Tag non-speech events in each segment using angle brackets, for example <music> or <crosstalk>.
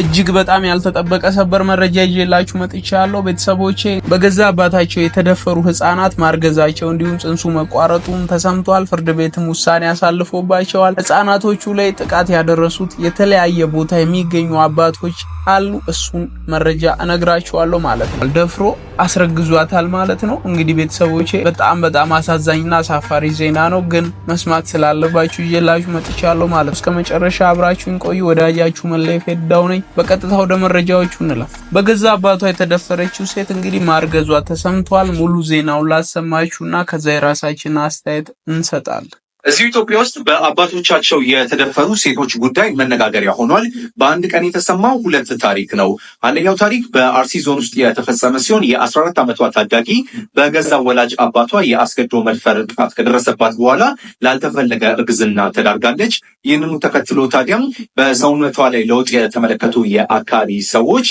እጅግ በጣም ያልተጠበቀ ሰበር መረጃ ይዤላችሁ መጥቻለሁ። ቤተሰቦቼ በገዛ አባታቸው የተደፈሩ ህጻናት ማርገዛቸው እንዲሁም ጽንሱ መቋረጡን ተሰምቷል። ፍርድ ቤትም ውሳኔ አሳልፎባቸዋል። ህጻናቶቹ ላይ ጥቃት ያደረሱት የተለያየ ቦታ የሚገኙ አባቶች አሉ። እሱን መረጃ እነግራችኋለሁ ማለት ነው። ደፍሮ አስረግዟታል ማለት ነው። እንግዲህ ቤተሰቦቼ በጣም በጣም አሳዛኝና አሳፋሪ ዜና ነው፣ ግን መስማት ስላለባችሁ ይዤላችሁ መጥቻለሁ ማለት ነው። እስከ መጨረሻ አብራችሁን ቆዩ። ወዳጃችሁ መለፌ ዳው ነኝ። በቀጥታ ወደ መረጃዎቹ በገዛ አባቷ የተደፈረችው ሴት እንግዲህ ማርገዟ ተሰምቷል። ሙሉ ዜናውን ላሰማችሁና ከዛ የራሳችን አስተያየት እንሰጣለን። እዚህ ኢትዮጵያ ውስጥ በአባቶቻቸው የተደፈሩ ሴቶች ጉዳይ መነጋገሪያ ሆኗል። በአንድ ቀን የተሰማው ሁለት ታሪክ ነው። አንደኛው ታሪክ በአርሲ ዞን ውስጥ የተፈጸመ ሲሆን የ14 ዓመቷ ታዳጊ በገዛ ወላጅ አባቷ የአስገድዶ መድፈር ጥቃት ከደረሰባት በኋላ ላልተፈለገ እርግዝና ተዳርጋለች። ይህንኑ ተከትሎ ታዲያም በሰውነቷ ላይ ለውጥ የተመለከቱ የአካባቢ ሰዎች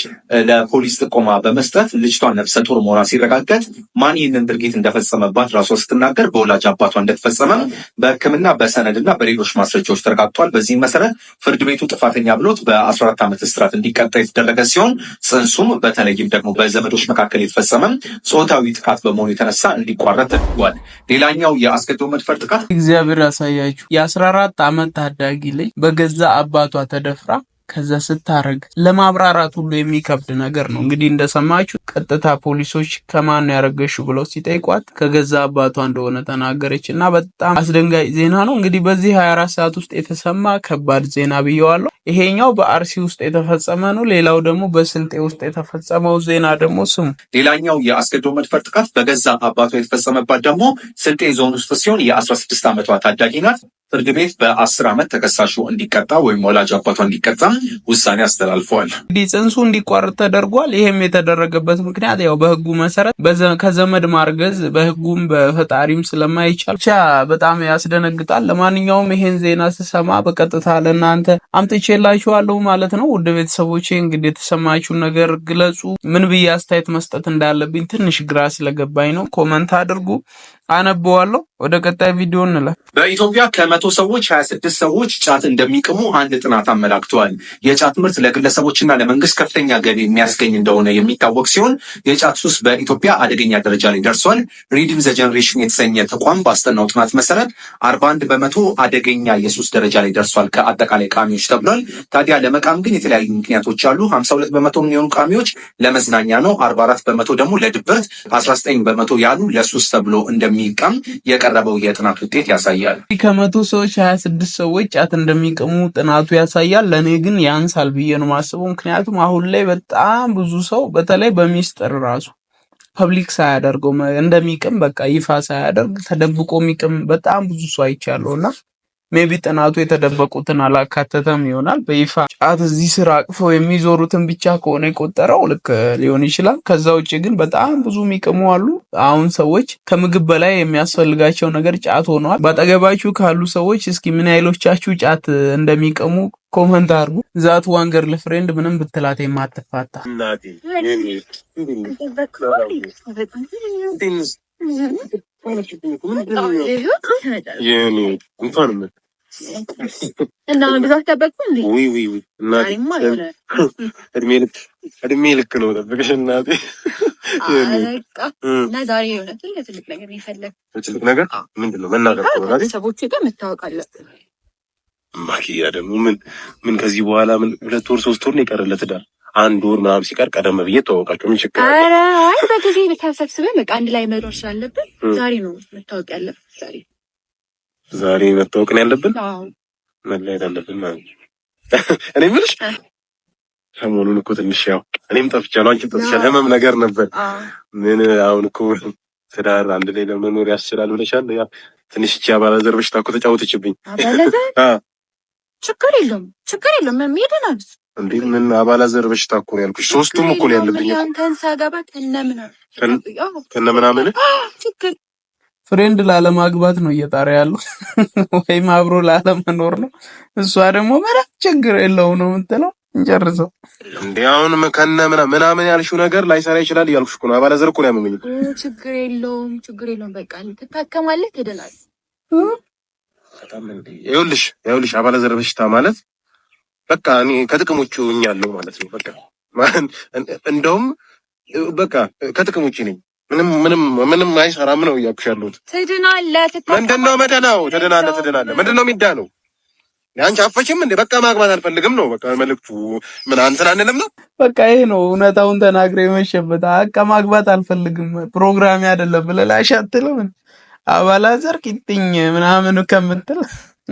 ለፖሊስ ጥቆማ በመስጠት ልጅቷን ነፍሰ ጡር መሆኗ ሲረጋገጥ ማን ይህንን ድርጊት እንደፈጸመባት ራሷ ስትናገር በወላጅ አባቷ እንደተፈጸመ በሰነድ በሰነድና በሌሎች ማስረጃዎች ተረጋግጧል። በዚህም መሰረት ፍርድ ቤቱ ጥፋተኛ ብሎት በ14 ዓመት እስራት እንዲቀጣ የተደረገ ሲሆን ጽንሱም በተለይም ደግሞ በዘመዶች መካከል የተፈጸመ ጾታዊ ጥቃት በመሆኑ የተነሳ እንዲቋረጥ ተደርጓል። ሌላኛው የአስገድዶ መድፈር ጥቃት እግዚአብሔር ያሳያችሁ። የ14 ዓመት ታዳጊ ልጅ በገዛ አባቷ ተደፍራ ከዛ ስታረግ ለማብራራት ሁሉ የሚከብድ ነገር ነው። እንግዲህ እንደሰማችሁ ቀጥታ ፖሊሶች ከማን ያረገሹ ብለው ሲጠይቋት ከገዛ አባቷ እንደሆነ ተናገረች እና በጣም አስደንጋጭ ዜና ነው። እንግዲህ በዚህ 24 ሰዓት ውስጥ የተሰማ ከባድ ዜና ብየዋለሁ። ይሄኛው በአርሲ ውስጥ የተፈጸመ ነው። ሌላው ደግሞ በስልጤ ውስጥ የተፈጸመው ዜና ደግሞ ስሙ። ሌላኛው የአስገድዶ መድፈር ጥቃት በገዛ አባቷ የተፈጸመባት ደግሞ ስልጤ ዞን ውስጥ ሲሆን የ16 ዓመቷ ታዳጊ ናት። ፍርድ ቤት በአስር ዓመት ተከሳሹ እንዲቀጣ ወይም ወላጅ አባቷ እንዲቀጣ ውሳኔ አስተላልፈዋል። እንግዲህ ጽንሱ እንዲቋረጥ ተደርጓል። ይህም የተደረገበት ምክንያት ያው በህጉ መሰረት ከዘመድ ማርገዝ በህጉም በፈጣሪም ስለማይቻል ብቻ በጣም ያስደነግጣል። ለማንኛውም ይሄን ዜና ስሰማ በቀጥታ ለእናንተ አምጥቼላችኋለሁ ማለት ነው። ውድ ቤተሰቦቼ እንግዲህ የተሰማችሁን ነገር ግለጹ። ምን ብዬ አስተያየት መስጠት እንዳለብኝ ትንሽ ግራ ስለገባኝ ነው። ኮመንት አድርጉ። አነበዋለሁ። ወደ ቀጣይ ቪዲዮ እንላል። በኢትዮጵያ ከመቶ ሰዎች 26 ሰዎች ጫት እንደሚቅሙ አንድ ጥናት አመላክተዋል። የጫት ምርት ለግለሰቦችና ለመንግስት ከፍተኛ ገቢ የሚያስገኝ እንደሆነ የሚታወቅ ሲሆን የጫት ሱስ በኢትዮጵያ አደገኛ ደረጃ ላይ ደርሷል። ሪድም ዘ ጀኔሬሽን የተሰኘ ተቋም ባስጠናው ጥናት መሰረት አንድ በመቶ አደገኛ የሱስ ደረጃ ላይ ደርሷል ከአጠቃላይ ቃሚዎች ተብሏል። ታዲያ ለመቃም ግን የተለያዩ ምክንያቶች አሉ። 52 በመቶ የሚሆኑ ቃሚዎች ለመዝናኛ ነው፣ 44 በመቶ ደግሞ ለድብርት፣ 19 በመቶ ያሉ ለሱስ ተብሎ እንደሚ እንደሚቀም የቀረበው የጥናት ውጤት ያሳያል። ከመቶ ሰዎች ሀያ ስድስት ሰዎች ጫት እንደሚቀሙ ጥናቱ ያሳያል። ለእኔ ግን ያንሳል ብዬ ነው ማስበው ምክንያቱም አሁን ላይ በጣም ብዙ ሰው በተለይ በሚስጥር ራሱ ፐብሊክ ሳያደርገው እንደሚቅም በቃ ይፋ ሳያደርግ ተደብቆ የሚቅም በጣም ብዙ ሰው አይቻለሁ እና ሜቢ ጥናቱ የተደበቁትን አላካተተም ይሆናል። በይፋ ጫት እዚህ ስር አቅፈው የሚዞሩትን ብቻ ከሆነ የቆጠረው ልክ ሊሆን ይችላል። ከዛ ውጭ ግን በጣም ብዙ የሚቅሙ አሉ። አሁን ሰዎች ከምግብ በላይ የሚያስፈልጋቸው ነገር ጫት ሆነዋል። በአጠገባችሁ ካሉ ሰዎች እስኪ ምን ያህሎቻችሁ ጫት እንደሚቅሙ ኮመንት አድርጉ። ዛት ዋን ገርል ፍሬንድ ምንም ብትላት የማትፋታ እድሜ ልክ ነው ጠብቀሽ እናቴ። ትልቅ ነገር ምንድን ነው መናገር ጋር ማኪያ ደግሞ ምን ምን ከዚህ በኋላ ምን ሁለት ወር ሶስት ወር ነው የቀረለት ለትዳር አንድ ወር ምናምን ሲቀር ቀደም ብዬ ተዋወቃቸው። ምን ችግር አይ በጊዜ ተሰብስበን በቃ አንድ ላይ መኖር ስላለብን ዛሬ ነው መታወቅ ያለብን። ዛሬ ዛሬ መታወቅ ነው ያለብን፣ መለያየት አለብን ማለት ነው። እኔ የምልሽ ሰሞኑን እኮ ትንሽ ያው እኔም ጠፍቻለሁ፣ አንቺም ጠፍቻለሁ፣ ህመም ነገር ነበር። ምን አሁን እኮ ትዳር አንድ ላይ ለመኖር ያስችላል ብለሻል። ያ ትንሽ እቺ አባላዘር በሽታ እኮ ተጫወተችብኝ። ችግር የለም ችግር የለም መሄደናል እንዴ ምን አባላዘር በሽታ እኮ ነው ያልኩሽ። ሶስቱም እኮ ነው ያለብኝ። አንተን ሳገባት እነምናምን ፍሬንድ ላለማግባት ነው እየጣረ ያለው <laughs> ወይም አብሮ ላለመኖር ነው። እሷ ደግሞ መራ ችግር የለው ነው የምትለው። እንጨርሰው እንዴ አሁን ከነ ምናምን ያልሽው ነገር ላይሰራ ይችላል እያልኩሽ እኮ ነው። አባላዘር እኮ ነው ያመመኝ። ችግር የለውም፣ ችግር የለውም። በቃ ትታከማለህ፣ ትድናለህ። ይኸውልሽ ይኸውልሽ አባላዘር በሽታ ማለት በቃ እኔ ከጥቅሞቹ እኛለሁ ማለት ነው። በቃ እንደውም በቃ ከጥቅሞቹ ነኝ። ምንም ምንም ምንም አይሰራም ነው እያልኩሽ ያለሁት። ምንድነው መደናው? ተደናለ ተደናለ። ምንድነው የሚዳነው? አንቺ አፈሽም እንዴ? በቃ ማግባት አልፈልግም ነው በቃ መልክቱ። ምን አንተን አንልም ነው በቃ ይሄ ነው እውነታውን ተናግሬ የመሸበት በቃ ማግባት አልፈልግም ፕሮግራሚ አይደለም ብለላሽ አትልም አባላዘር ቂጥኝ ምናምን ከምትል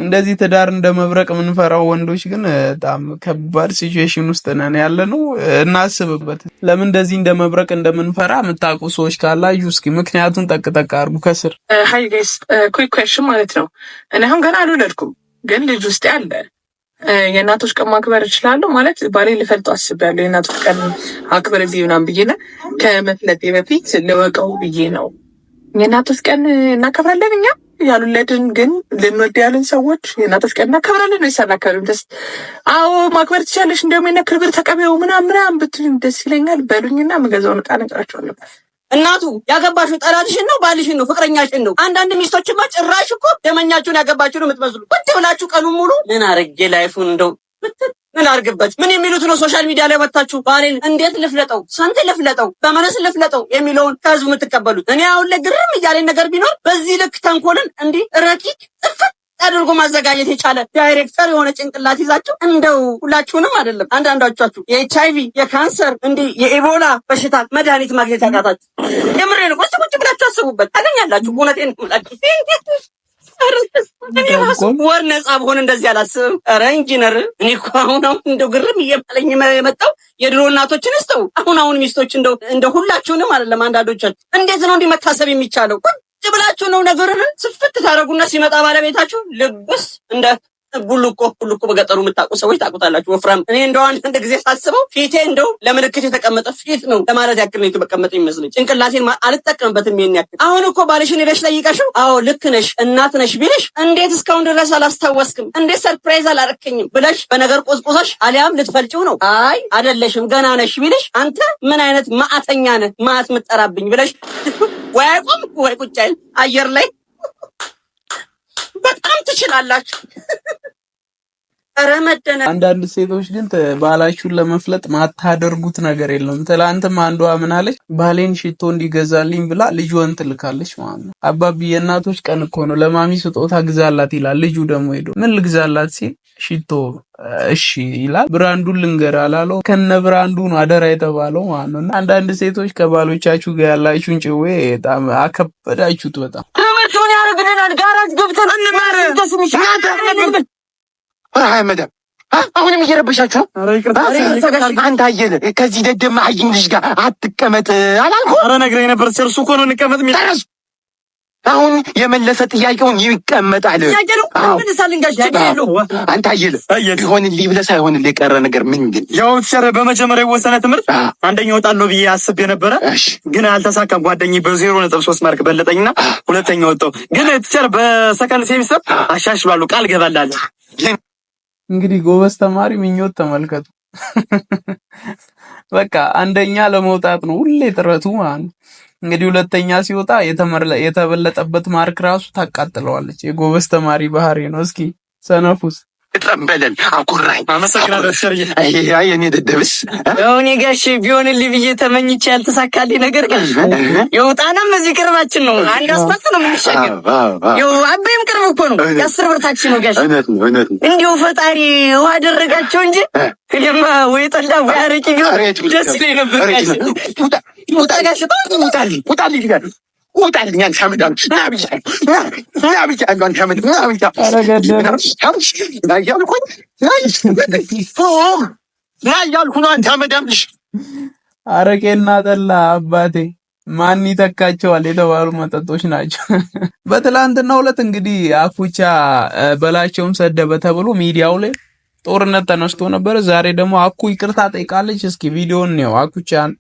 እንደዚህ ትዳር እንደ መብረቅ የምንፈራው ወንዶች ግን በጣም ከባድ ሲቹዌሽን ውስጥ ነን ያለ ነው። እናስብበት። ለምን እንደዚህ እንደ መብረቅ እንደምንፈራ የምታውቁ ሰዎች ካላዩ እስኪ ምክንያቱን ጠቅጠቅ አድርጉ ከስር። ሀይ ጋይስ ኩክ ኩዌሽን ማለት ነው። እኔ አሁን ገና አልወለድኩም፣ ግን ልጅ ውስጥ ያለ የእናቶች ቀን ማክበር እችላለሁ ማለት ባሌ ልፈልጦ አስቤያለሁ። የእናቶች ቀን አክበር እዚህ ምናምን ብዬ ነው ከመፍለጤ በፊት ልወቀው ብዬ ነው። የእናቶች ቀን እናከብራለን እኛም ያሉለትን ግን ልንወድ ያለን ሰዎች የእናቶች ቀን እናከብራለን ወይስ አናከብርም? ደስ አዎ ማክበር ትችላለሽ፣ እንደውም የእነ ክብር ተቀበው ምናምን ምናምን ብትሉኝ ደስ ይለኛል። በሉኝና መገዛውን ዕቃ ነግራቸዋለሁ። እናቱ ያገባሽው ጠላትሽን ነው ባልሽን ነው ፍቅረኛሽን ነው። አንዳንድ ሚስቶችማ ጭራሽ እኮ ደመኛችሁን ያገባችሁ ነው የምትመስሉ። ቁጭ ብላችሁ ቀኑ ሙሉ ምን አረጌ ላይፉን እንደው ምን አርግበት? ምን የሚሉት ነው? ሶሻል ሚዲያ ላይ ወታችሁ ባህሬን እንዴት ልፍለጠው፣ ስንት ልፍለጠው፣ በመረስ ልፍለጠው የሚለውን ከህዝቡ የምትቀበሉት። እኔ አሁን ላይ ግርም እያለኝ ነገር ቢኖር በዚህ ልክ ተንኮልን እንዲህ ረቂቅ ጥፍት አድርጎ ማዘጋጀት የቻለ ዳይሬክተር የሆነ ጭንቅላት ይዛችሁ እንደው ሁላችሁንም አይደለም አንዳንዷቻችሁ የኤች አይቪ የካንሰር እንዲህ የኢቦላ በሽታ መድኃኒት ማግኘት ያቃታችሁ የምሬ ነው። ቁጭ ቁጭ ብላችሁ አስቡበት ታገኛላችሁ። እውነቴን ምላችሁ ወር ነጻ በሆነ እንደዚህ አላስብም። ኧረ ኢንጂነር እኔ እኮ አሁን አሁን እንደው ግርም እየባለኝ የመጣው የድሮ እናቶችን ስተው አሁን አሁን ሚስቶች እንደው እንደ ሁላችሁንም አይደለም አንዳንዶቻችሁ እንዴት ነው እንዲህ መታሰብ የሚቻለው? ቁጭ ብላችሁ ነው ነገርን ስፍት ታደረጉና ሲመጣ ባለቤታችሁ ልብስ እንደ እኮ ሁሉ እኮ በገጠሩ የምታውቁ ሰዎች ታውቁታላችሁ። ወፍራም እኔ እንደው አንድ ጊዜ ሳስበው ፊቴ እንደው ለምልክት የተቀመጠ ፊት ነው ለማለት ያክል ነው የተቀመጠ ይመስለኝ። ጭንቅላቴን አልጠቀምበትም ይሄን ያክል። አሁን እኮ ባልሽን ሄደሽ ጠይቀሽው፣ አዎ ልክ ነሽ እናት ነሽ ቢልሽ እንዴት እስካሁን ድረስ አላስታወስክም፣ እንዴት ሰርፕራይዝ አላረከኝም ብለሽ በነገር ቆዝቆዘሽ አሊያም ልትፈልጭው ነው። አይ አደለሽም ገና ነሽ ቢልሽ አንተ ምን አይነት ማዕተኛ ነህ ማዕት ምጠራብኝ ብለሽ <laughs> ወይ አይቆም ወይ ቁጭ አይል አየር ላይ በጣም ትችላላችሁ። ረመደነ አንዳንድ ሴቶች ግን ባላችሁን ለመፍለጥ ማታደርጉት ነገር የለም። ትላንትም አንዷ ምን አለች? ባሌን ሽቶ እንዲገዛልኝ ብላ ልጇን ትልካለች ማለት ነው። አባቢ የእናቶች ቀን እኮ ነው፣ ለማሚ ስጦታ ግዛላት ይላል። ልጁ ደግሞ ሄዶ ምን ልግዛላት ሲል ሽቶ እሺ ይላል። ብራንዱን ልንገር አላለው። ከነ ብራንዱ ነው አደራ የተባለው ማለት ነው። እና አንዳንድ ሴቶች ከባሎቻችሁ ጋር ያላችሁን ጭዌ በጣም አከበዳችሁት በጣም ምን ያደርግልናል? ጋራጅ ገብተን እንማር። መዳም አሁንም እየረበሻችሁ አንተ አየለ ከዚህ ደደማ አይ ልጅ ጋር አትቀመጥ አላልኩም? ኧረ ነግረኝ ነበር። እርሱ እኮ ነው እንቀመጥ አሁን የመለሰ ጥያቄውን ይቀመጣል። አንተ አየለ ሊሆንልህ ብለህ ሳይሆንልህ የቀረ ነገር ምንድን ያው ቲቸር በመጀመሪያ የወሰነ ትምህርት አንደኛ እወጣለሁ ብዬ አስብ የነበረ ግን አልተሳካም። ጓደኛዬ በዜሮ ነጥብ ሶስት ማርክ በለጠኝና ሁለተኛ ወጣሁ። ግን ቲቸር በሰከንድ ሴሚስተር አሻሽላለሁ ቃል ገባላለሁ። እንግዲህ ጎበዝ ተማሪ ምኞት ተመልከቱ። <laughs> በቃ አንደኛ ለመውጣት ነው ሁሌ ጥረቱ ማለት ነው። እንግዲህ ሁለተኛ ሲወጣ የተበለጠበት ማርክ ራሱ ታቃጥለዋለች። የጎበዝ ተማሪ ባህሪ ነው። እስኪ ሰነፉስ ጠንበለል አኩራኝ። አመሰግናለሁ ዶክተርዬ። አይ እኔ ደደብስ እኔ ጋሽ ቢሆንልኝ ብዬ ተመኝቼ ያልተሳካልኝ ነገር ጋሽ ይኸው ጣናም እዚህ ቅርባችን ነው። አንድ አስፋልት ነው የምንሻገር። ይኸው አበይም ቅርብ እኮ ነው። ብርታችን ነው ጋሽ። ታክሲ ነው ነው። እንዲሁ ፈጣሪ ውሃ አደረጋቸው እንጂ እኔማ ወይ ጠላ ወይ አረቂ ቢሆን ደስ ይለኝ ነበር ጋሽ። ውጣ ጋሽ፣ ውጣ ውጣ ውጣ አረቄና ጠላ አባቴ ማን ይተካቸዋል የተባሉ መጠጦች ናቸው። በትላንትና ሁለት እንግዲህ አኩቻ በላቸውም ሰደበ ተብሎ ሚዲያው ላይ ጦርነት ተነስቶ ነበር። ዛሬ ደግሞ አኩ ይቅርታ ጠይቃለች። እስኪ ቪዲዮን ነው አኩቻን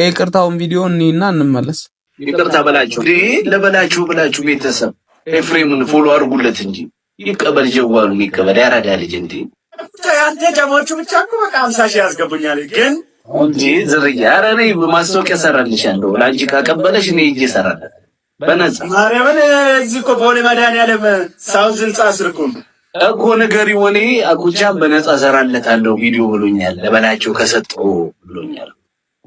የይቅርታውን ቪዲዮ እና እንመለስ ይቅርታ በላችሁ ለበላችሁ ብላችሁ ቤተሰብ ኤፍሬምን ፎሎ አድርጉለት እንጂ ይቀበል ጀዋሉ ይቀበል። ያራዳ ልጅ እንዲ ያንተ ጀማዎቹ ብቻ እኮ በቃ አምሳ ሺህ ያስገቡኛል ግን እንጂ ዝርያ ኧረ እኔ ማስታወቂያ እሰራልሻለሁ። ለአንቺ ካቀበለሽ እኔ ሂጅ እሰራለሁ በነጻ ማርያምን። እዚህ እኮ በሆነ መድኃኒዓለም ሳውዝ ህንጻ ስር እኮ ነገር እኔ አኩቻ በነጻ እሰራለታለሁ ቪዲዮ ብሎኛል። ለበላቸው ከሰጠው ብሎኛል።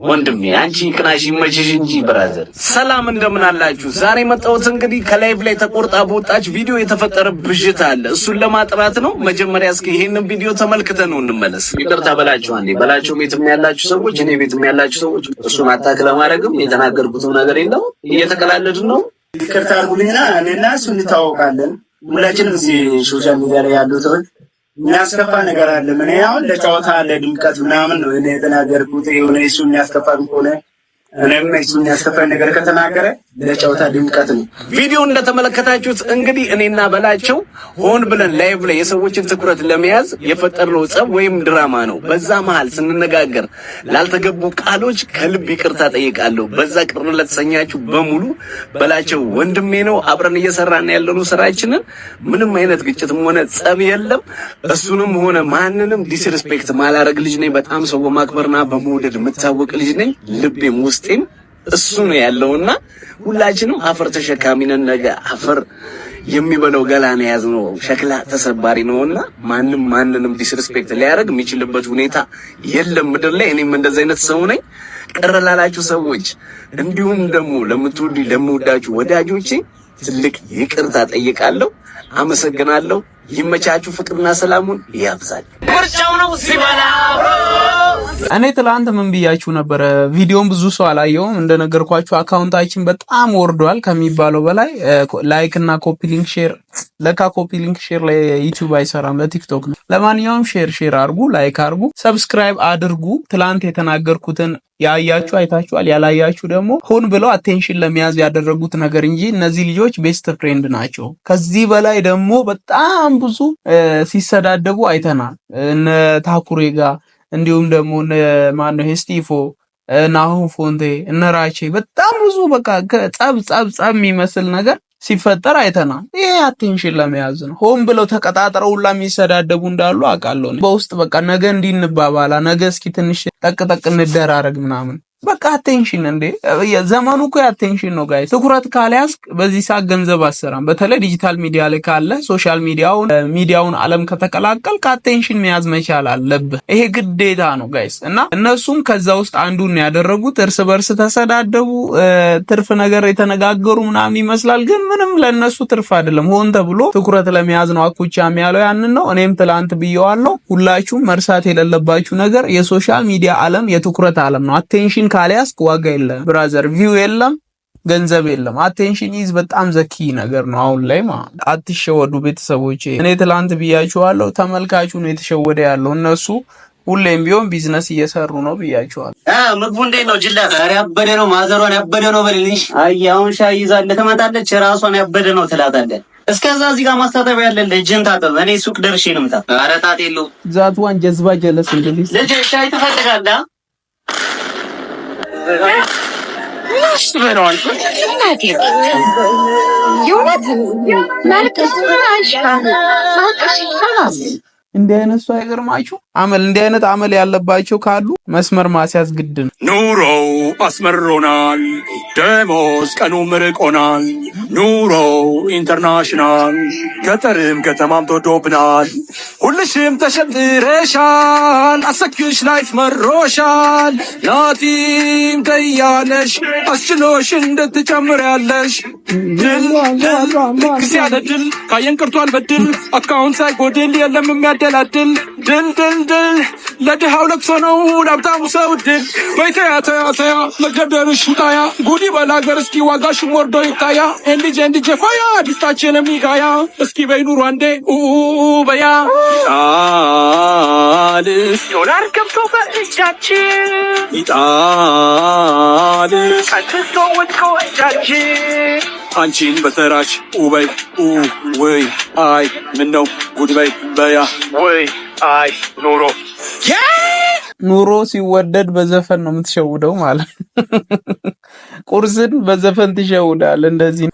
ወንድሜ አንቺ ቅናሽ ይመችሽ እንጂ ብራዘር። ሰላም እንደምን አላችሁ? ዛሬ መጣሁት እንግዲህ ከላይቭ ላይ ተቆርጣ በወጣች ቪዲዮ የተፈጠረ ብዥት አለ። እሱን ለማጥራት ነው። መጀመሪያ እስኪ ይሄንን ቪዲዮ ተመልክተ ነው እንመለስ። ይቅርታ በላችሁ አንዴ በላችሁ። ቤትም ያላችሁ ሰዎች፣ እኔ ቤትም ያላችሁ ሰዎች እሱን አታክ ለማድረግም የተናገርኩትም ነገር የለው። እየተቀላለድን ነው። ይቅርታ አድርጉልኝና እኔና እሱ እንታወቃለን። ሁላችንም እዚህ ሶሻል ሚዲያ ላይ ያሉት የሚያስከፋ ነገር አለ። ምን አሁን ለጨዋታ ለድምቀት ምናምን ነው የተናገርኩት። የሆነ እሱ የሚያስከፋ ከሆነ እኔም የሚያስከፋኝ ነገር ከተናገረ ለጨዋታ ድምቀት ነው። ቪዲዮ እንደተመለከታችሁት እንግዲህ እኔና በላቸው ሆን ብለን ላይቭ ላይ የሰዎችን ትኩረት ለመያዝ የፈጠርነው ጸብ ወይም ድራማ ነው። በዛ መሀል ስንነጋገር ላልተገቡ ቃሎች ከልብ ይቅርታ ጠይቃለሁ። በዛ ቅር ለተሰኛችሁ በሙሉ በላቸው ወንድሜ ነው። አብረን እየሰራን ያለነው ስራችንን ምንም አይነት ግጭትም ሆነ ጸብ የለም። እሱንም ሆነ ማንንም ዲስሪስፔክት ማላረግ ልጅ ነኝ። በጣም ሰው በማክበርና በመውደድ የምታወቅ ልጅ ነኝ። ልቤም ውስጥ ውስጤም እሱ ነው ያለውና ሁላችንም አፈር ተሸካሚ ነን። ነገ አፈር የሚበለው ገላን የያዝ ነው። ሸክላ ተሰባሪ ነውና ማንም ማንንም ዲስሪስፔክት ሊያደርግ የሚችልበት ሁኔታ የለም ምድር ላይ። እኔም እንደዚ አይነት ሰው ነኝ። ቅር ላላችሁ ሰዎች እንዲሁም ደግሞ ለምትወዱ ለምወዳችሁ ወዳጆቼ ትልቅ ይቅርታ ጠይቃለሁ። አመሰግናለሁ። ይመቻችሁ፣ ፍቅርና ሰላሙን ያብዛል። ምርጫው ነው ሲበላ። እኔ ትላንት ምን ብያችሁ ነበረ? ቪዲዮን ብዙ ሰው አላየውም። እንደነገርኳችሁ አካውንታችን በጣም ወርዷል ከሚባለው በላይ ላይክ እና ኮፒ ሊንክ ሼር። ለካ ኮፒ ሊንክ ሼር ለዩቲዩብ አይሰራም ለቲክቶክ ነው። ለማንኛውም ሼር ሼር አድርጉ፣ ላይክ አድርጉ፣ ሰብስክራይብ አድርጉ። ትላንት የተናገርኩትን ያያችሁ አይታችኋል። ያላያችሁ ደግሞ ሆን ብለው አቴንሽን ለመያዝ ያደረጉት ነገር እንጂ እነዚህ ልጆች ቤስት ፍሬንድ ናቸው። ከዚህ በላይ ደግሞ በጣም ብዙ ሲሰዳደቡ አይተናል። እነ ታኩሬ እንዲሁም ደግሞ ማነው ስቲፎ እና ፎንቴ እነ ራቼ በጣም ብዙ በቃ ጸብ ጸብ ጸብ የሚመስል ነገር ሲፈጠር አይተናል። ይሄ አቴንሽን ለመያዝ ነው። ሆን ብለው ተቀጣጥረው ሁላ የሚሰዳደቡ እንዳሉ አውቃለሁ። በውስጥ በቃ ነገ እንዲንባባላ ነገ እስኪ ትንሽ ጠቅጠቅ እንደራረግ ምናምን በቃ አቴንሽን እንዴ ዘመኑ እኮ አቴንሽን ነው ጋይ። ትኩረት ካልያዝክ በዚህ ሰዓት ገንዘብ አሰራም። በተለይ ዲጂታል ሚዲያ ላይ ካለ ሶሻል ሚዲያውን ሚዲያውን ዓለም ከተቀላቀል ከአቴንሽን መያዝ መቻል አለብህ። ይሄ ግዴታ ነው ጋይስ። እና እነሱም ከዛ ውስጥ አንዱን ያደረጉት እርስ በርስ ተሰዳደቡ፣ ትርፍ ነገር የተነጋገሩ ምናምን ይመስላል፣ ግን ምንም ለእነሱ ትርፍ አይደለም። ሆን ተብሎ ትኩረት ለመያዝ ነው። አኩቻ የሚያለው ያንን ነው። እኔም ትላንት ብየዋለሁ። ሁላችሁም መርሳት የሌለባችሁ ነገር የሶሻል ሚዲያ ዓለም የትኩረት ዓለም ነው። አቴንሽን ካልያዝክ ዋጋ የለም ብራዘር፣ ቪው የለም ገንዘብ የለም። አቴንሽን ይዝ በጣም ዘኪ ነገር ነው። አሁን ላይ ማለት አትሸወዱ ቤተሰቦቼ። እኔ ትላንት ብያችኋለሁ፣ ተመልካቹ ነው የተሸወደ ያለው። እነሱ ሁሌም ቢሆን ቢዝነስ እየሰሩ ነው ብያችኋለሁ። ምግቡ እንዴት ነው? ጅላ? ኧረ ያበደ ነው። ማዘሯን ያበደ ነው በልልሽ። አይ አሁን ሻይ ይዛለ ትመጣለች። ራሷን ያበደ ነው ትላታለህ። እስከዛ እዚህ ጋር ማስታጠቢያ ያለ ልጅን ታጠብ። እኔ ሱቅ ደርሼ ልምጣ። ኧረ ጣጥ የለውም። ዛት ጀዝባ ጀለስ እንግሊዝ ልጅ ሻይ ትፈልጋለህ ምን እንዲህ አይነት ሰው አይገርማችሁ? አመል እንዲህ አይነት አመል ያለባቸው ካሉ መስመር ማስያዝ ግድ ነው። ኑሮው አስመርሮናል፣ ደሞዝ ቀኑ ምርቆናል ኑሮው ኢንተርናሽናል ገጠርም ከተማም ተወዶብናል። ሁልሽም ተሸብረሻል፣ አሰኪሽ ላይ ትመሮሻል። ላቲም ተያለሽ አስችሎሽ እንድትጨምር ያለሽ ድል ድል ሲያለ ድል ካየን ቅርቷል በድል አካውንት ሳይጎድል የለም የሚያ ሲያደላድል ድል ለድሃው ለቅሶ ነው ለሀብታሙ ሰው ድል ወይ ተያ ተያ ተያ ለገደርሽ ውጣያ ጉዲ በላገር እስኪ ዋጋሽም ወርዶ ይታያ እንዲጄ እንዲጄ ፋያ አዲስታችንም ይጋያ እስኪ በይ ኑሮ አንዴ በያ ይጣልስ ዶላር ገብቶ በእጃችን ይጣልስ ቀንቶ ወጥቶ እጃችን አንቺን በተራሽ ውበይ ውይ አይ ምን ጉድበይ በያ ውይ አይ ኑሮ ኑሮ ሲወደድ በዘፈን ነው የምትሸውደው ማለት ቁርስን በዘፈን ትሸውዳል። እንደዚህ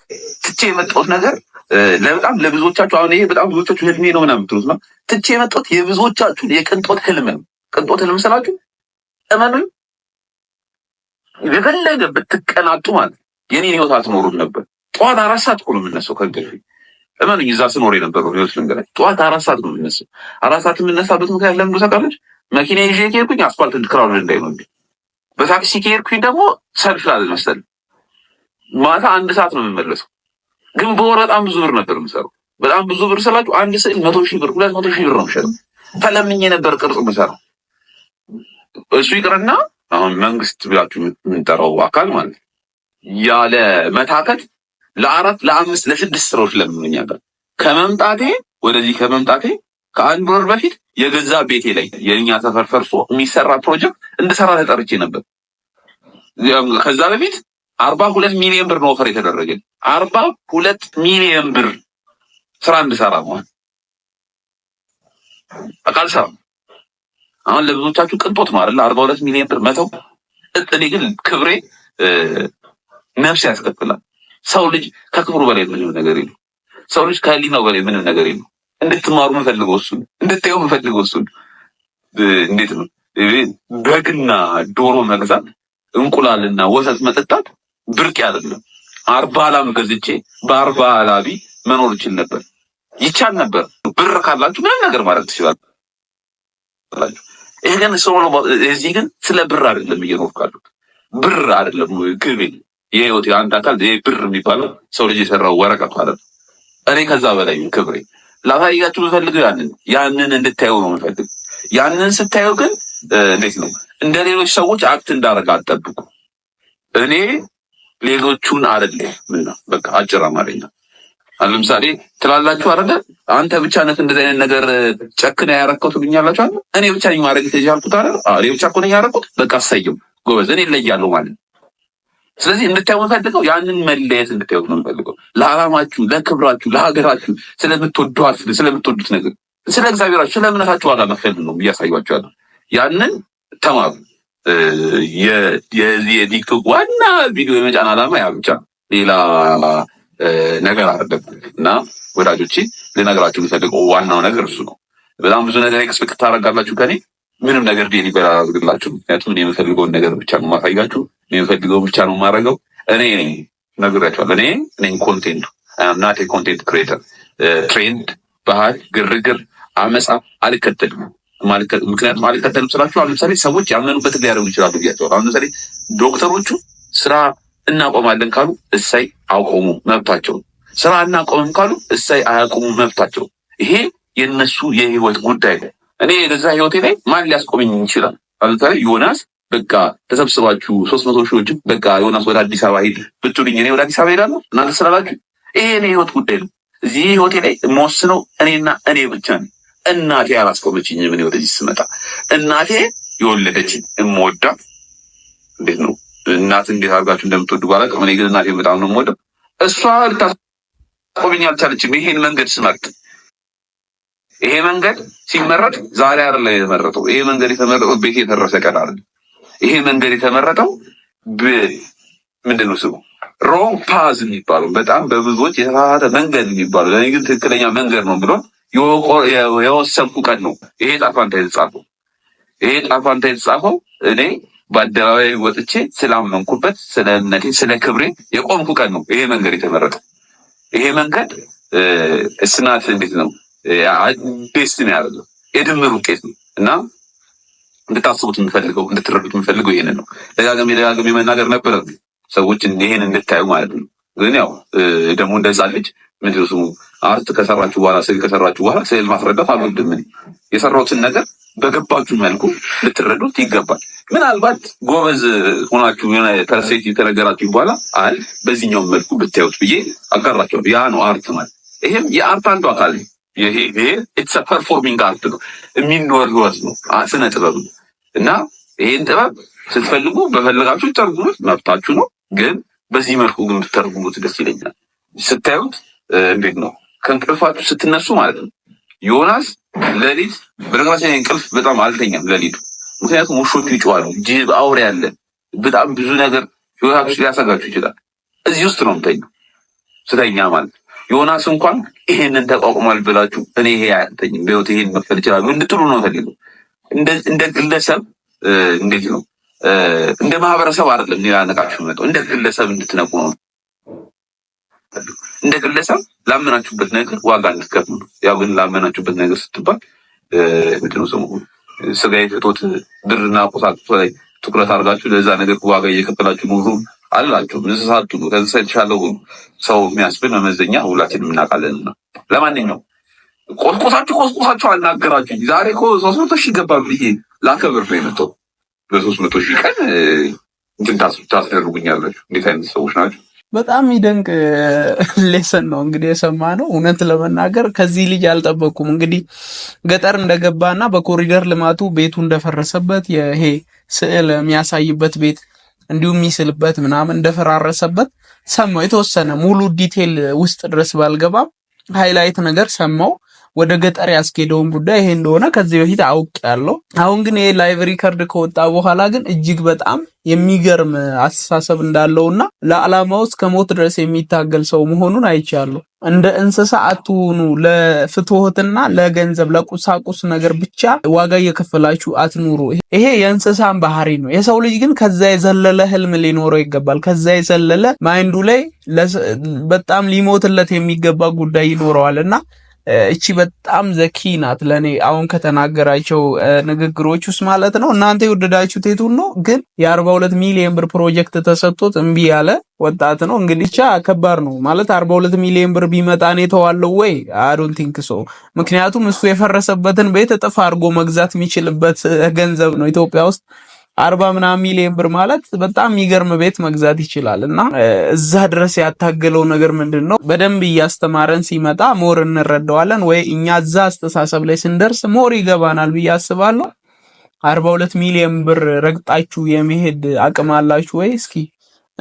ትቼ የመጣሁት ነገር በጣም ለብዙዎቻችሁ አሁን ይሄ በጣም ብዙዎቻችሁ ህልሜ ነው ምናምን ትሉት ነው። ትቼ የመጣሁት የብዙዎቻችሁን የቅንጦት ህልም ነው። ቅንጦት ህልም ስላችሁ እመኑ፣ የፈለገ ብትቀናጡ ማለት የኔን ህይወት አትኖሩም ነበር። ጠዋት አራት ሰዓት እኮ ነው የምነሳው ከእንቅልፌ እመኑኝ። እዛ ስኖር የነበረው ህይወት ልንገራችሁ፣ ጠዋት አራት ሰዓት ነው የምነሳው። አራት ሰዓት የምነሳበት ምክንያት ለምዶ ታውቃለች? መኪና ይዤ ከሄድኩኝ አስፋልት እንድክራሉ እንዳይሆንብኝ፣ በታክሲ ከሄድኩኝ ደግሞ ሰልፍ ላለመስጠል ማታ አንድ ሰዓት ነው የምመለሰው። ግን በወር በጣም ብዙ ብር ነበር የምሰራው። በጣም ብዙ ብር ስላችሁ አንድ ስዕል መቶ ሺህ ብር ሁለት መቶ ሺህ ብር ነው የምሸጠው። ተለምኜ ነበር ቅርጽ የምሰራው። እሱ ይቅርና አሁን መንግስት ብላችሁ የምንጠራው አካል ማለት ያለ መታከት ለአራት ለአምስት ለስድስት ስራዎች ለምኖኝ ነበር። ከመምጣቴ ወደዚህ ከመምጣቴ ከአንድ ወር በፊት የገዛ ቤቴ ላይ የእኛ ሰፈር ፈርሶ የሚሰራ ፕሮጀክት እንድሰራ ተጠርቼ ነበር። ከዛ በፊት አርባ ሁለት ሚሊዮን ብር ነው ኦፈር የተደረገኝ። አርባ ሁለት ሚሊዮን ብር ስራ እንድሰራ መሆን አቃል ስራ አሁን ለብዙዎቻችሁ ቅንጦት ነው አይደል? አርባ ሁለት ሚሊዮን ብር መተው። እኔ ግን ክብሬ ነፍስ ያስከፍላል። ሰው ልጅ ከክብሩ በላይ ምንም ነገር የለም። ሰው ልጅ ከህሊናው በላይ ምንም ነገር የለም። እንድትማሩ የምፈልገው እሱን፣ እንድታየው የምፈልገው እሱን። እንዴት ነው በግና ዶሮ መግዛት እንቁላልና ወተት መጠጣት ብርቅ አይደለም። አርባ አላም ገዝቼ በአርባ ላቢ መኖር ይችል ነበር፣ ይቻል ነበር። ብር ካላችሁ ምንም ነገር ማለት ትችላላችሁ። ይህ ግን እዚህ ግን ስለ ብር አይደለም እየኖርኩ ያለሁት ብር አይደለም ግብል የህይወት የአንድ አካል ብር የሚባለው ሰው ልጅ የሰራው ወረቀቱ አለ። እኔ ከዛ በላይ ክብሬ ላሳያችሁ የምፈልገው ያንን ያንን እንድታየው ነው የምፈልግ። ያንን ስታየው ግን እንዴት ነው እንደ ሌሎች ሰዎች አክት እንዳደረገ አጠብቁ። እኔ ሌሎቹን አደለ ምና በቃ አጭር አማርኛ ለምሳሌ ትላላችሁ አረገ አንተ ብቻ ነህ እንደዚህ አይነት ነገር ጨክን ያረከው ትግኛላችሁ አለ እኔ ብቻ ነኝ ማድረግ የተቻልኩት አለ እኔ ብቻ እኮ ያረኩት በቃ አሳየም ጎበዝ እኔ እለያለሁ ማለት ስለዚህ እንድታዩ የምንፈልገው ያንን መለየት እንድታዩ ነው የምፈልገው። ለዓላማችሁ፣ ለክብራችሁ፣ ለሀገራችሁ ስለምትወዷት ስለምትወዱት ነገር ስለ እግዚአብሔራችሁ ስለ እምነታችሁ ዋጋ መክፈል ነው እያሳዩቸው ያለ ያንን ተማሩ። የዚህ የቲክቶክ ዋና ቪዲዮ የመጫን ዓላማ ያ ብቻ ሌላ ነገር አይደለም። እና ወዳጆቼ ልነግራችሁ የምፈልገው ዋናው ነገር እሱ ነው። በጣም ብዙ ነገር ኤክስፔክት ታደርጋላችሁ ከኔ ምንም ነገር ዴሊቨር አላደርግላችሁ። ምክንያቱም እኔ የምፈልገውን ነገር ብቻ ነው እኔ የምፈልገው ብቻ ነው ማድረገው። እኔ ነኝ ነግራችኋለሁ። እኔ ኮንቴንቱ ናት የኮንቴንት ክሬተር ትሬንድ፣ ባህል፣ ግርግር፣ አመፃ አልከተልም። ምክንያቱም አልከተልም ስላችሁ አሁን ለምሳሌ ሰዎች ያመኑበትን ሊያደርጉ ይችላሉ ብያቸዋለሁ። አሁን ለምሳሌ ዶክተሮቹ ስራ እናቆማለን ካሉ እሳይ አቆሙ መብታቸው። ስራ እናቆምም ካሉ እሳይ አያቆሙ መብታቸው። ይሄ የእነሱ የህይወት ጉዳይ ነው። እኔ ለዛ ህይወቴ ላይ ማን ሊያስቆመኝ ይችላል? አለታ ዮናስ በቃ ተሰብስባችሁ ሶስት መቶ ሺዎች በቃ ዮናስ ወደ አዲስ አበባ ሄድ ብትሉኝ እኔ ወደ አዲስ አበባ ሄዳለሁ እናንተ ስላላችሁ፣ ይሄ እኔ ህይወት ጉዳይ ነው። እዚህ ህይወቴ ላይ የምወስነው እኔና እኔ ብቻ ነው። እናቴ አላስቆመችኝም። እኔ ወደዚህ ስመጣ እናቴ የወለደችኝ የምወዳት እንዴት ነው እናት እንዴት አድርጋችሁ እንደምትወዱ ባላውቅም፣ እኔ ግን እናቴ በጣም ነው የምወደው። እሷ ልታስቆመኝ አልቻለችም። ይሄን መንገድ ስመርጥ ይሄ መንገድ ሲመረጥ ዛሬ አይደለም የተመረጠው። ይሄ መንገድ የተመረጠው ቤት የተረሰ ቀን አይደለም። ይሄ መንገድ የተመረጠው ምንድን ነው ስሙ ሮንግ ፓዝ የሚባለው በጣም በብዙዎች የተሳሳተ መንገድ የሚባለው ለእኔ ግን ትክክለኛ መንገድ ነው ብሎ የወሰንኩ ቀን ነው። ይሄ ጣፋንታ የተጻፈው ይሄ ጣፋንታ የተጻፈው እኔ በአደባባይ ወጥቼ ስላመንኩበት ስለ እምነቴ ስለ ክብሬ የቆምኩ ቀን ነው። ይሄ መንገድ የተመረጠ ይሄ መንገድ እስናት እንዴት ነው ነው ያደረገው የድምር ውጤት ነው እና እንድታስቡት የምፈልገው እንድትረዱት የምፈልገው ይሄንን ነው። ደጋገም የደጋገም መናገር ነበረ ሰዎች ይሄን እንድታዩ ማለት ነው። ግን ያው ደግሞ እንደዛ ልጅ ምንድን ስሙ አርት ከሰራችሁ በኋላ ስዕል ከሰራችሁ በኋላ ስዕል ማስረዳት አልወድም። የሰራሁትን ነገር በገባችሁ መልኩ ልትረዱት ይገባል። ምናልባት ጎበዝ ሆናችሁ የሆነ ፐርፌክት የተነገራችሁ በኋላ አይ በዚህኛውም መልኩ ብታዩት ብዬ አጋራቸዋለሁ። ያ ነው አርት ማለት። ይሄም የአርት አንዱ አካል ነው። ይሄ ኢትስ ፐርፎርሚንግ አርት ነው፣ የሚኖር ህይወት ነው፣ ስነ ጥበብ ነው። እና ይሄን ጥበብ ስትፈልጉ በፈለጋችሁ ተርጉሙት፣ መብታችሁ ነው። ግን በዚህ መልኩ ግን ብትተርጉሙት ደስ ይለኛል። ስታዩት እንዴት ነው ከእንቅልፋችሁ ስትነሱ ማለት ነው። ዮናስ ለሊት በነገራችን እንቅልፍ በጣም አልተኛም ለሊቱ ምክንያቱም ውሾቹ ይጮዋሉ፣ ጅብ፣ አውሬ ያለ በጣም ብዙ ነገር ህይወታችሁ ሊያሰጋችሁ ይችላል። እዚህ ውስጥ ነው የምተኛው ስተኛ ማለት ነው። ዮናስ እንኳን ይሄንን ተቋቁሟል ብላችሁ እኔ ይሄ አያንተኝም በሕይወት ይሄን መክፈል ይችላሉ እንድትሉ ነው ፈልጉ። እንደ ግለሰብ እንግዲህ ነው እንደ ማህበረሰብ አይደለም ነው ያነቃችሁ መጠው እንደ ግለሰብ እንድትነቁ ነው። እንደ ግለሰብ ላመናችሁበት ነገር ዋጋ እንድትከፍሉ ነው። ያው ግን ላመናችሁበት ነገር ስትባል ምንድን ነው ስሙ ስጋ የፍጦት ብርና ቁሳቁስ ላይ ትኩረት አድርጋችሁ ለዛ ነገር ዋጋ እየከፈላችሁ መሆኑን አላቸው እንስሳ ሳቱ ከእንስሳ የተሻለው ሰው የሚያስብል መመዘኛ ሁላችን እናውቃለን። ነው። ለማንኛውም ቆስቆሳችሁ ቆስቆሳችሁ አናገራችሁ። ዛሬ እኮ ሶስት መቶ ሺህ ገባ ብዬ ላከብር ነው የመጣው። በሶስት መቶ ሺህ ቀን እንትን ታስደርጉኛላችሁ። እንዴት አይነት ሰዎች ናቸው? በጣም የሚደንቅ ሌሰን ነው እንግዲህ የሰማ ነው። እውነት ለመናገር ከዚህ ልጅ አልጠበቁም እንግዲህ ገጠር እንደገባና በኮሪደር ልማቱ ቤቱ እንደፈረሰበት ይሄ ስዕል የሚያሳይበት ቤት እንዲሁም የሚስልበት ምናምን እንደፈራረሰበት ሰማው። የተወሰነ ሙሉ ዲቴል ውስጥ ድረስ ባልገባም ሃይላይት ነገር ሰማው። ወደ ገጠር ያስኬደውን ጉዳይ ይሄ እንደሆነ ከዚህ በፊት አውቅ ያለው አሁን ግን ይሄ ላይቭ ሪከርድ ከወጣ በኋላ ግን እጅግ በጣም የሚገርም አስተሳሰብ እንዳለውና ለዓላማው እስከ ሞት ድረስ የሚታገል ሰው መሆኑን አይቻለሁ። እንደ እንስሳ አትሁኑ ለፍትወትና ለገንዘብ ለቁሳቁስ ነገር ብቻ ዋጋ እየከፈላችሁ አትኑሩ። ይሄ የእንስሳን ባህሪ ነው። የሰው ልጅ ግን ከዛ የዘለለ ህልም ሊኖረው ይገባል። ከዛ የዘለለ ማይንዱ ላይ በጣም ሊሞትለት የሚገባ ጉዳይ ይኖረዋል እና እቺ በጣም ዘኪ ናት ለእኔ አሁን ከተናገራቸው ንግግሮች ውስጥ ማለት ነው። እናንተ የወደዳችሁት የቱን ነው? ግን የ42 ሚሊዮን ብር ፕሮጀክት ተሰጥቶት እምቢ ያለ ወጣት ነው። እንግዲህ ቻ ከባድ ነው ማለት 42 ሚሊዮን ብር ቢመጣ እኔ ተዋለው ወይ? አይ ቲንክ ሶ። ምክንያቱም እሱ የፈረሰበትን ቤት እጥፍ አድርጎ መግዛት የሚችልበት ገንዘብ ነው ኢትዮጵያ ውስጥ አርባ ምናምን ሚሊዮን ብር ማለት በጣም የሚገርም ቤት መግዛት ይችላል። እና እዛ ድረስ ያታገለው ነገር ምንድን ነው? በደንብ እያስተማረን ሲመጣ ሞር እንረዳዋለን ወይ እኛ እዛ አስተሳሰብ ላይ ስንደርስ ሞር ይገባናል ብዬ አስባለሁ። አርባ ሁለት ሚሊዮን ብር ረግጣችሁ የመሄድ አቅም አላችሁ ወይ? እስኪ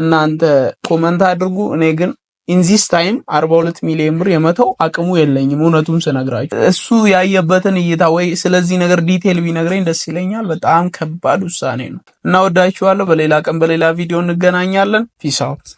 እናንተ ኮመንት አድርጉ። እኔ ግን ኢንዚስ ታይም 42 ሚሊዮን ብር የመተው አቅሙ የለኝም። እውነቱም ስነግራችሁ እሱ ያየበትን እይታ ወይ ስለዚህ ነገር ዲቴል ቢነግረኝ ደስ ይለኛል። በጣም ከባድ ውሳኔ ነው እና ወዳችኋለሁ። በሌላ ቀን በሌላ ቪዲዮ እንገናኛለን። ፒስ አውት